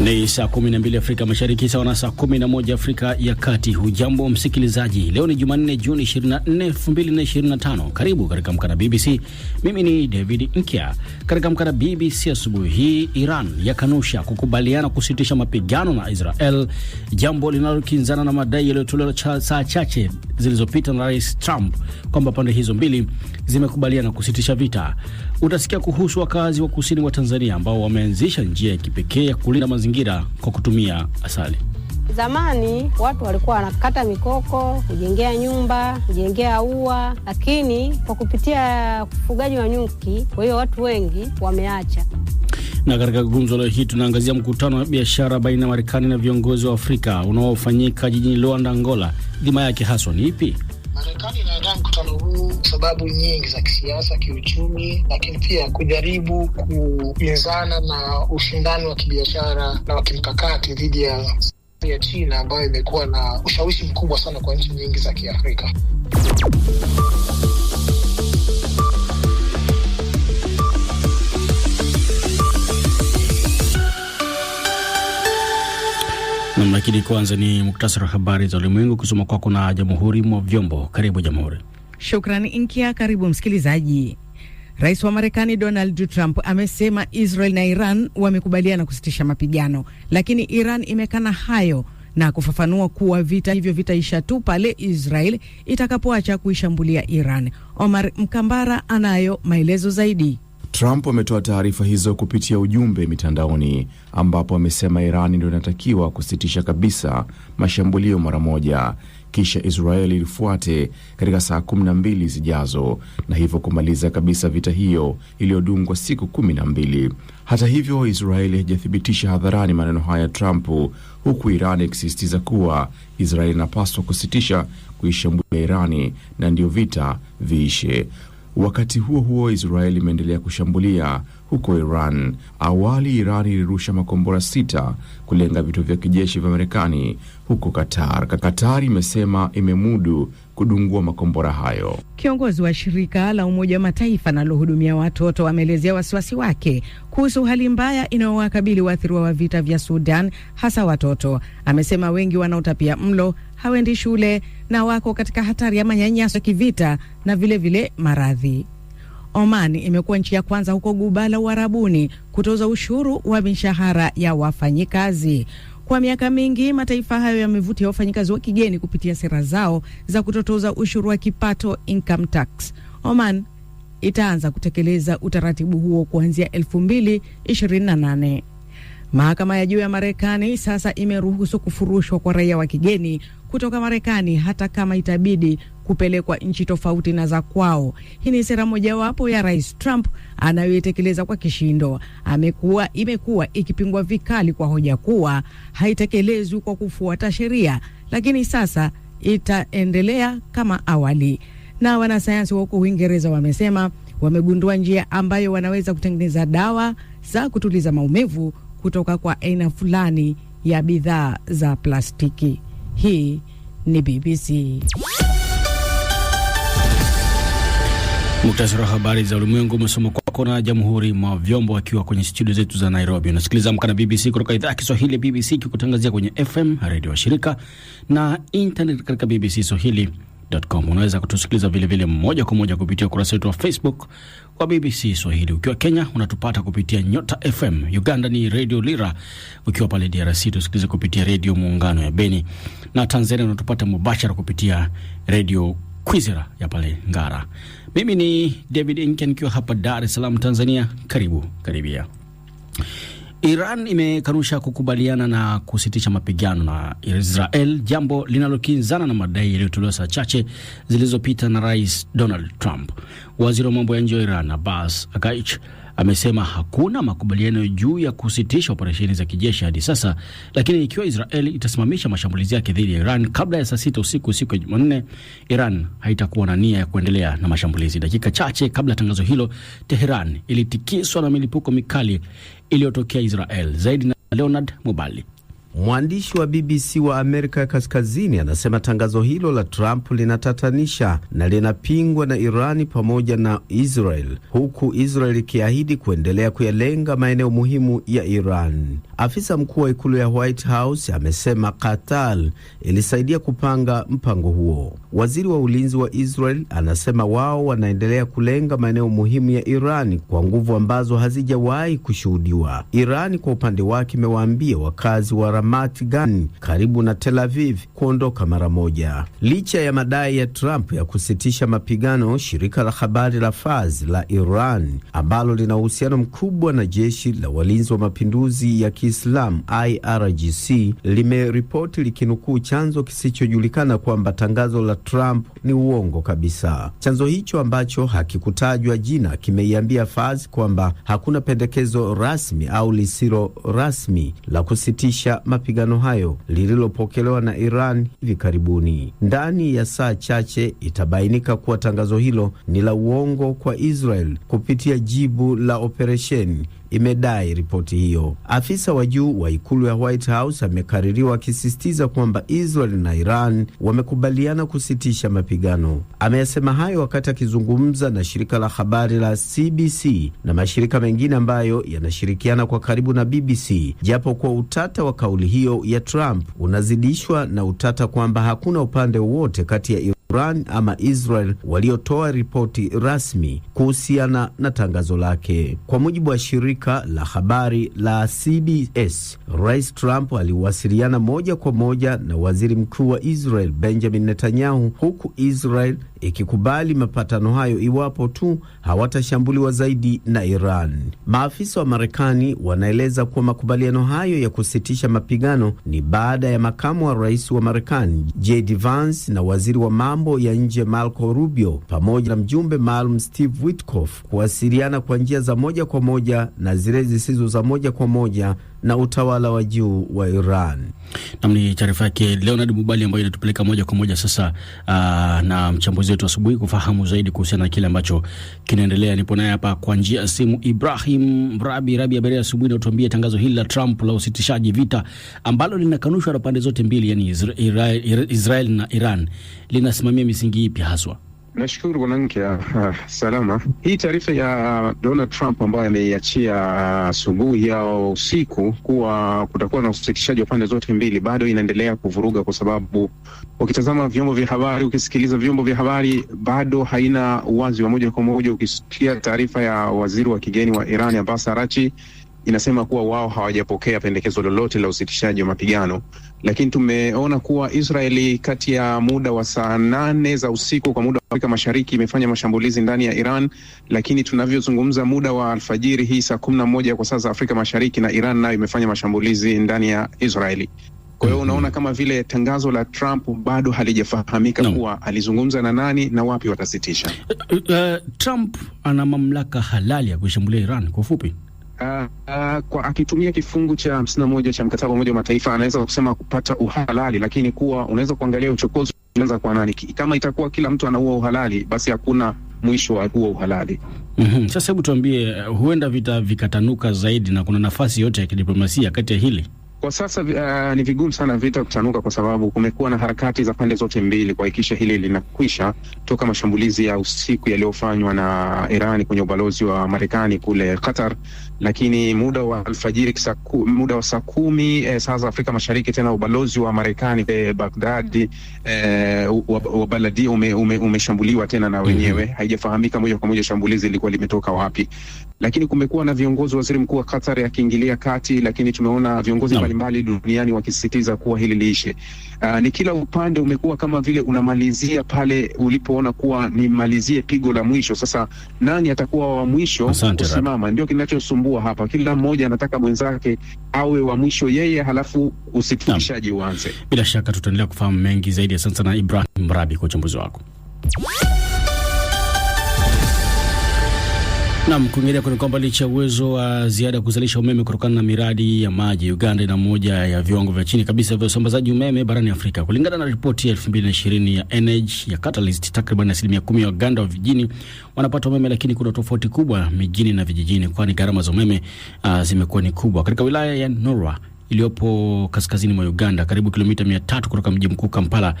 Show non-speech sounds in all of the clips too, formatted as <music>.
Ni saa 12 Afrika Mashariki, sawa na saa 11 Afrika ya Kati. Hujambo msikilizaji, leo ni Jumanne, Juni 24, 2025. Karibu katika mkana BBC. Mimi ni David Nkya. Katika mkana BBC asubuhi hii, Iran yakanusha kukubaliana kusitisha mapigano na Israel, jambo linalokinzana na madai yaliyotolewa cha, saa chache zilizopita na Rais Trump kwamba pande hizo mbili zimekubaliana kusitisha vita. Utasikia kuhusu wakazi wa kusini mwa Tanzania ambao wameanzisha njia ya kipekee ya kulinda mazingira kwa kutumia asali. Zamani watu walikuwa wanakata mikoko, kujengea nyumba, kujengea ua, lakini kwa kupitia ufugaji wa nyuki, kwa hiyo watu wengi wameacha. Na katika gumzo leo hii tunaangazia mkutano wa biashara baina ya Marekani na viongozi wa Afrika unaofanyika jijini Luanda, Angola. Dhima yake haswa ni ipi? Marekani inaandaa mkutano huu sababu nyingi za kisiasa, kiuchumi, lakini pia kujaribu kupinzana na ushindani wa kibiashara na wa kimkakati dhidi ya ya China ambayo imekuwa na ushawishi mkubwa sana kwa nchi nyingi za Kiafrika. Nam, lakini kwanza ni muktasari wa habari za ulimwengu kusoma kwako na Jamhuri mwa Vyombo. Karibu Jamhuri. Shukrani Inkia. Karibu msikilizaji. Rais wa Marekani Donald Trump amesema Israel na Iran wamekubaliana kusitisha mapigano, lakini Iran imekana hayo na kufafanua kuwa vita hivyo vitaisha tu pale Israel itakapoacha kuishambulia Iran. Omar Mkambara anayo maelezo zaidi. Trump ametoa taarifa hizo kupitia ujumbe mitandaoni, ambapo amesema Irani ndio inatakiwa kusitisha kabisa mashambulio mara moja, kisha Israeli ilifuate katika saa kumi na mbili zijazo na hivyo kumaliza kabisa vita hiyo iliyodumu kwa siku kumi na mbili. Hata hivyo, Israeli haijathibitisha hadharani maneno haya ya Trump, huku Irani ikisisitiza kuwa Israeli inapaswa kusitisha kuishambulia Irani na ndiyo vita viishe. Wakati huo huo, Israel imeendelea kushambulia huko Iran. Awali Iran ilirusha makombora sita kulenga vituo vya kijeshi vya Marekani huko Qatar. Qatar imesema imemudu kudungua makombora hayo. Kiongozi wa shirika la Umoja wa Mataifa analohudumia watoto ameelezea wasiwasi wake kuhusu hali mbaya inayowakabili waathiriwa wa vita vya Sudan, hasa watoto. Amesema wengi wanaotapia mlo hawendi shule na wako katika hatari ya manyanyaso ya kivita na vilevile maradhi. Oman imekuwa nchi ya kwanza huko Guba la Uarabuni kutoza ushuru wa mishahara ya wafanyikazi. Kwa miaka mingi mataifa hayo yamevutia wafanyikazi wa kigeni kupitia sera zao za kutotoza ushuru wa kipato, income tax. Oman itaanza kutekeleza utaratibu huo kuanzia 2028. Mahakama ya juu ya Marekani sasa imeruhusu kufurushwa kwa raia wa kigeni kutoka Marekani hata kama itabidi kupelekwa nchi tofauti na za kwao. Hii ni sera mojawapo ya Rais Trump anayoitekeleza kwa kishindo. Amekuwa imekuwa ikipingwa vikali kwa hoja kuwa haitekelezwi kwa kufuata sheria, lakini sasa itaendelea kama awali. Na wanasayansi wa huko Uingereza wamesema wamegundua njia ambayo wanaweza kutengeneza dawa za kutuliza maumivu kutoka kwa aina fulani ya bidhaa za plastiki. Hii ni BBC. Muktasari wa habari za ulimwengu umesoma kwako na Jamhuri mwa Vyombo, akiwa kwenye studio zetu za Nairobi. Unasikiliza Amka na BBC kutoka idhaa ya Kiswahili ya BBC, ikikutangazia kwenye FM, redio wa shirika na intanet katika BBC Swahili BBCSwahili.com. Unaweza kutusikiliza vilevile moja kwa moja kupitia ukurasa wetu wa Facebook wa BBC Swahili. Ukiwa Kenya unatupata kupitia Nyota FM, Uganda ni Radio Lira, ukiwa pale DRC tusikilize kupitia Redio Muungano ya Beni, na Tanzania unatupata mubashara kupitia Redio Kwizera ya pale Ngara. Mimi ni David Inken nikiwa hapa Dar es Salaam, Tanzania. Karibu karibia Iran imekanusha kukubaliana na kusitisha mapigano na Israel, jambo linalokinzana na madai yaliyotolewa saa chache zilizopita na Rais Donald Trump. Waziri wa mambo ya nje wa Iran Abbas Araghchi amesema hakuna makubaliano juu ya kusitisha operesheni za kijeshi hadi sasa, lakini ikiwa Israel itasimamisha mashambulizi yake dhidi ya Iran kabla ya saa sita usiku siku ya Jumanne, Iran haitakuwa na nia ya kuendelea na mashambulizi. Dakika chache kabla ya tangazo hilo, Teheran ilitikiswa na milipuko mikali iliyotokea Israel. Zaidi na Leonard Mubali. Mwandishi wa BBC wa Amerika ya Kaskazini anasema tangazo hilo la Trump linatatanisha na linapingwa na Irani pamoja na Israel, huku Israel ikiahidi kuendelea kuyalenga maeneo muhimu ya Iran. Afisa mkuu wa ikulu ya White House amesema Qatar ilisaidia kupanga mpango huo. Waziri wa ulinzi wa Israel anasema wao wanaendelea kulenga maeneo muhimu ya Irani kwa nguvu ambazo hazijawahi kushuhudiwa. Irani kwa upande wake imewaambia wakazi wa Ramat Gan karibu na Tel Aviv kuondoka mara moja. Licha ya madai ya Trump ya kusitisha mapigano, shirika la habari la Fars la Iran ambalo lina uhusiano mkubwa na jeshi la walinzi wa mapinduzi ya Kiislamu IRGC limeripoti likinukuu chanzo kisichojulikana kwamba tangazo la Trump ni uongo kabisa. Chanzo hicho ambacho hakikutajwa jina kimeiambia Fars kwamba hakuna pendekezo rasmi au lisilo rasmi la kusitisha mapigano hayo lililopokelewa na Iran hivi karibuni. Ndani ya saa chache itabainika kuwa tangazo hilo ni la uongo kwa Israel kupitia jibu la operesheni imedai ripoti hiyo. Afisa wa juu wa ikulu ya White House amekaririwa akisisitiza kwamba Israel na Iran wamekubaliana kusitisha mapigano. Ameyasema hayo wakati akizungumza na shirika la habari la CBC na mashirika mengine ambayo yanashirikiana kwa karibu na BBC, japo kwa utata wa kauli hiyo ya Trump unazidishwa na utata kwamba hakuna upande wowote kati ya Iran ama Israel waliotoa ripoti rasmi kuhusiana na tangazo lake. Kwa mujibu wa shirika la habari la CBS, Rais Trump aliwasiliana moja kwa moja na Waziri Mkuu wa Israel Benjamin Netanyahu, huku Israel ikikubali mapatano hayo iwapo tu hawatashambuliwa zaidi na Iran. Maafisa wa Marekani wanaeleza kuwa makubaliano hayo ya kusitisha mapigano ni baada ya makamu wa rais wa Marekani JD Vance na waziri wa mambo mambo ya nje Marco Rubio pamoja na mjumbe maalum Steve Witkoff kuwasiliana kwa njia za moja kwa moja na zile zisizo za moja kwa moja na utawala wa juu wa Iran. Nam ni taarifa yake Leonard Mubali ambayo inatupeleka moja kwa moja sasa aa, ah, na mchambuzi wetu asubuhi kufahamu zaidi kuhusiana na kile ambacho kinaendelea. Nipo naye hapa kwa njia ya simu Ibrahim Rabi. Rabi, habari ya asubuhi, na utuambie tangazo hili la Trump la usitishaji vita ambalo linakanushwa na pande zote mbili, yani Israel, Israel na Iran linasimamia misingi ipi haswa? Nashukuru mwanamke ah, salama. Hii taarifa ya Donald Trump ambayo ameiachia ah, asubuhi au usiku kuwa kutakuwa na usikishaji wa pande zote mbili bado inaendelea kuvuruga, kwa sababu ukitazama vyombo vya habari, ukisikiliza vyombo vya habari, bado haina uwazi wa moja kwa moja. Ukisikia taarifa ya waziri wa kigeni wa Iran Abbas Arachi inasema kuwa wao hawajapokea pendekezo lolote la usitishaji wa mapigano, lakini tumeona kuwa Israeli kati ya muda wa saa nane za usiku kwa muda wa Afrika Mashariki imefanya mashambulizi ndani ya Iran, lakini tunavyozungumza muda wa alfajiri hii saa kumi na moja kwa saa za Afrika Mashariki, na Iran nayo imefanya mashambulizi ndani ya Israeli. Kwa hiyo unaona mhm. kama vile tangazo la Trump bado halijafahamika no. kuwa alizungumza na nani na wapi watasitisha. Uh, uh, Trump ana mamlaka halali ya kuishambulia Iran kwa ufupi. Uh, uh, kwa akitumia kifungu cha hamsini na moja cha mkataba wa Umoja wa Mataifa anaweza kusema kupata uhalali, lakini kuwa unaweza kuangalia uchokozi unaanza kwa nani. Kama itakuwa kila mtu anaua uhalali, basi hakuna mwisho wa huo uhalali. mm -hmm. Sasa hebu tuambie, uh, huenda vita vikatanuka zaidi na kuna nafasi yote ya kidiplomasia kati ya hili kwa sasa uh, ni vigumu sana vita kutanuka kwa sababu kumekuwa na harakati za pande zote mbili kuhakikisha hili linakwisha toka mashambulizi ya usiku yaliyofanywa na Irani kwenye ubalozi wa Marekani kule Qatar, lakini muda wa alfajiri kisaku, muda wa saa kumi eh, saa za Afrika Mashariki, tena ubalozi wa Marekani eh, Baghdad eh, wabaladi ume, ume, ume tena na mhm. wenyewe mm -hmm. Haijafahamika moja kwa moja shambulizi lilikuwa limetoka wapi, lakini kumekuwa na viongozi, waziri mkuu wa Qatar akiingilia kati, lakini tumeona viongozi mbalimbali no. duniani wakisisitiza kuwa hili liishe. Uh, ni kila upande umekuwa kama vile unamalizia pale ulipoona kuwa nimalizie pigo la mwisho. Sasa nani atakuwa wa mwisho kusimama? Ndio kinachosumbua hapa, kila mmoja anataka mwenzake awe wa mwisho yeye, halafu usitishaji uanze. Bila shaka tutaendelea kufahamu mengi zaidi. Asante sana Ibrahim Mrabi kwa uchambuzi wako. Nam, kuingilia kwenye kwamba licha uwezo wa ziada ya kuzalisha umeme kutokana na miradi ya maji, Uganda ina moja ya viwango vya chini kabisa vya usambazaji umeme barani Afrika. Kulingana na ripoti ya 2020 ya Energy ya Catalyst, takriban asilimia kumi ya Waganda wa vijijini wanapata umeme, lakini kuna tofauti kubwa mijini na vijijini, kwani gharama za umeme uh, zimekuwa ni kubwa. Katika wilaya ya Norwa iliyopo kaskazini mwa Uganda, karibu kilomita 300 kutoka mji mkuu Kampala,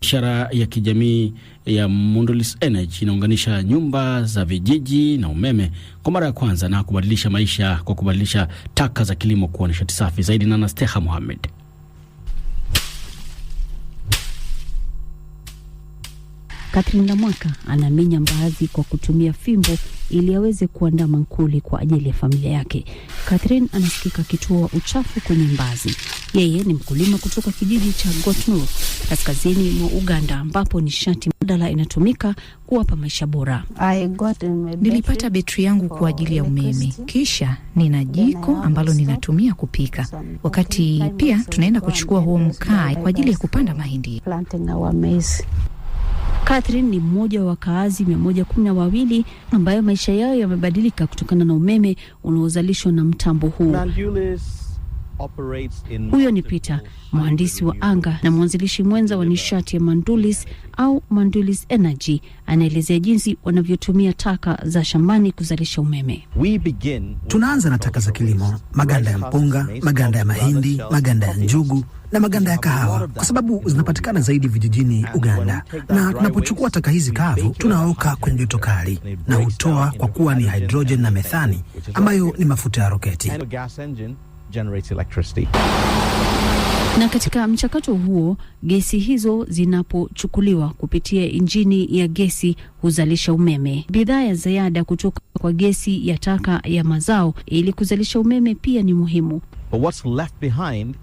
Biashara ya kijamii ya Mondolis Energy inaunganisha nyumba za vijiji na umeme kwa mara ya kwanza na kubadilisha maisha kwa kubadilisha taka za kilimo kuwa nishati safi zaidi. na Nasteha Mohamed. Katrina Mwaka anaminya mbaazi kwa kutumia fimbo ili aweze kuandaa mankuli kwa ajili ya familia yake. Catherine anasikika akitoa uchafu kwenye mbazi. Yeye ni mkulima kutoka kijiji cha gotnu kaskazini mwa Uganda, ambapo nishati mbadala inatumika kuwapa maisha bora. Nilipata betri yangu kwa ajili ya umeme, kisha nina jiko ambalo ninatumia kupika, wakati pia tunaenda kuchukua huo mkaa kwa ajili ya kupanda mahindi. Catherine ni mmoja wa wakaazi mia moja kumi na wawili ambayo maisha yao yamebadilika kutokana na umeme unaozalishwa na mtambo huu. Huyo ni Peter, mhandisi wa anga na mwanzilishi mwenza wa nishati ya Mandulis au Mandulis Energy, anaelezea jinsi wanavyotumia taka za shambani kuzalisha umeme. Tunaanza na taka za kilimo, maganda ya mpunga, maganda ya mahindi, maganda ya njugu na maganda ya kahawa, kwa sababu zinapatikana zaidi vijijini Uganda. Na tunapochukua taka hizi kavu, tunaoka kwenye joto kali na hutoa kwa kuwa ni hidrojeni na methani, ambayo ni mafuta ya roketi generate electricity. Na katika mchakato huo, gesi hizo zinapochukuliwa kupitia injini ya gesi huzalisha umeme. Bidhaa ya ziada kutoka kwa gesi ya taka ya mazao ili kuzalisha umeme pia ni muhimu. But what's left behind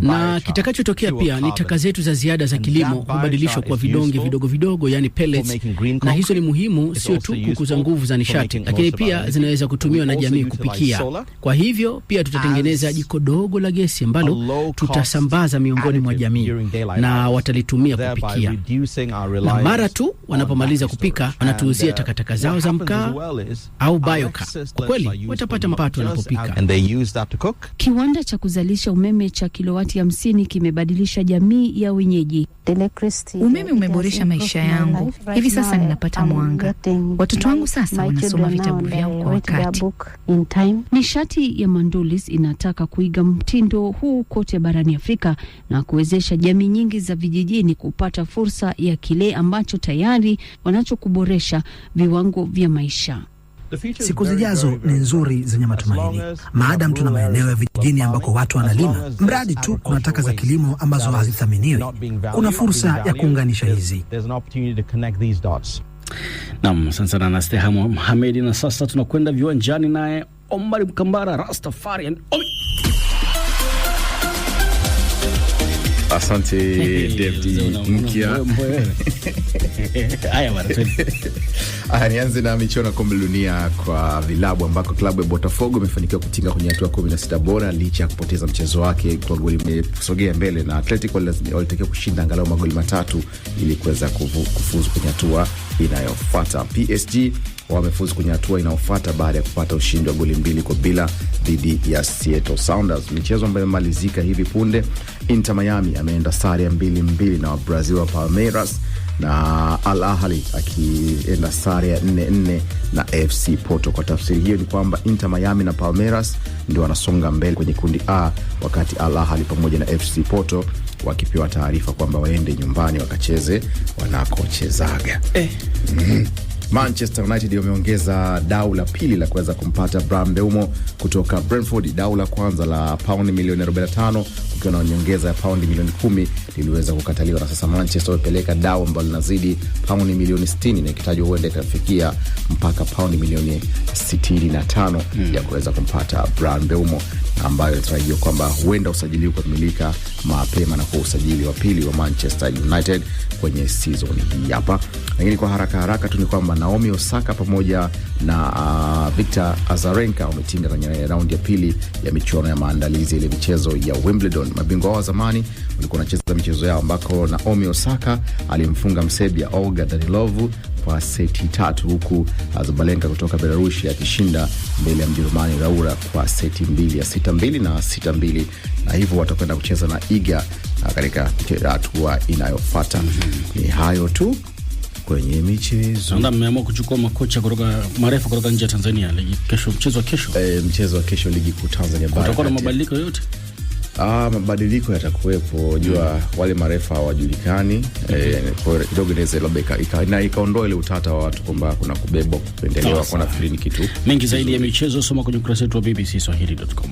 na kitakachotokea pia ni taka zetu za ziada za kilimo hubadilishwa kwa vidonge vidogo vidogo, yani pellets, na hizo ni muhimu sio tu kukuza nguvu za nishati, lakini pia zinaweza kutumiwa na jamii kupikia. Kwa hivyo pia tutatengeneza jiko dogo la gesi ambalo tutasambaza miongoni mwa jamii na watalitumia kupikia, na mara tu wanapomaliza kupika wanatuuzia uh, takataka zao za mkaa au bioka. Kwa kweli watapata mapato wanapopika. Kiwanda cha kuzalisha umeme cha kilo kilowati hamsini kimebadilisha jamii ya wenyeji. Umeme umeboresha maisha yangu, hivi sasa ninapata mwanga, watoto wangu sasa wanasoma vitabu vyao kwa wakati. Nishati ya mandulis inataka kuiga mtindo huu kote barani Afrika na kuwezesha jamii nyingi za vijijini kupata fursa ya kile ambacho tayari wanachokuboresha viwango vya maisha. Siku zijazo ni nzuri zenye matumaini, maadam tuna maeneo ya vijijini ambako watu wanalima, mradi tu kuna taka za kilimo ambazo hazithaminiwi. Kuna fursa ya kuunganisha hizi. Nam, asante sana Nasteha Hamedi. Na sasa tunakwenda viwanjani naye Omari Mkambara Rastafarian. Asante David Mkia. <laughs> <laughs> Haya bwana, <laughs> haya nianze na michuano ya kombe dunia kwa vilabu ambako klabu ya Botafogo imefanikiwa kutinga kwenye hatua 16 bora licha ya kupoteza mchezo wake kwa goli, imesogea mbele na Atletico walitakiwa kushinda angalau magoli matatu ili kuweza kufuzu kwenye hatua inayofuata. PSG wamefuzu kwenye hatua inayofuata baada ya kupata ushindi wa goli mbili kwa bila dhidi ya Seattle Sounders. Michezo ambayo imemalizika hivi punde, Inter Miami ameenda sare ya mbili mbili na Wabrazil wa Palmeiras na Al Ahli akienda sare ya nne nne na FC Porto. Kwa tafsiri hiyo ni kwamba Inter Miami na Palmeiras ndio wanasonga mbele kwenye kundi A, wakati Al Ahli pamoja na FC Porto wakipewa taarifa kwamba waende nyumbani wakacheze wanakochezaga eh. mm. Manchester United wameongeza dau la pili la kuweza kumpata Bram Mbeumo kutoka Brentford. Dau la kwanza la paundi milioni 45 ukiwa na nyongeza ya paundi milioni 10 liliweza kukataliwa, na sasa Manchester wamepeleka dau ambalo linazidi paundi milioni 60 na ikitajwa huenda ikafikia mpaka paundi milioni 65 mm. ya kuweza kumpata Bram Mbeumo ambayo inatarajiwa kwamba huenda usajili huu kukamilika mapema na kwa usajili wa pili wa Manchester United kwenye season hii hapa, lakini kwa haraka haraka tu ni kwamba Naomi Osaka pamoja na uh, Victor Azarenka wametinga kwenye raundi ya pili ya michuano ya maandalizi ile michezo ya Wimbledon. Mabingwa hao wa zamani walikuwa wanacheza michezo yao ambako Naomi Osaka alimfunga msebia Olga Danilovu kwa seti tatu huku Azabalenka kutoka Belarusi akishinda mbele ya Mjerumani Raura kwa seti mbili ya sita mbili na sita mbili na hivyo watakwenda kucheza na Iga uh, katika hatua inayofuata. Ni hayo tu kwenye michezo. Na mmeamua kuchukua makocha kutoka marefu kutoka nje ya Tanzania ligi kesho, mchezo wa kesho. Eh, mchezo wa kesho ligi kuu Tanzania bara. Kutakuwa na mabadiliko yote? Ah, mabadiliko yatakuwepo, jua mm. wale marefa hawajulikani mm -hmm. E, labda na ikaondoa ile utata wa watu kwamba kuna kubebwa kupendelewa, kwa nafikiri ni kitu mengi zaidi ya michezo. Soma kwenye ukurasa wetu wa bbcswahili.com.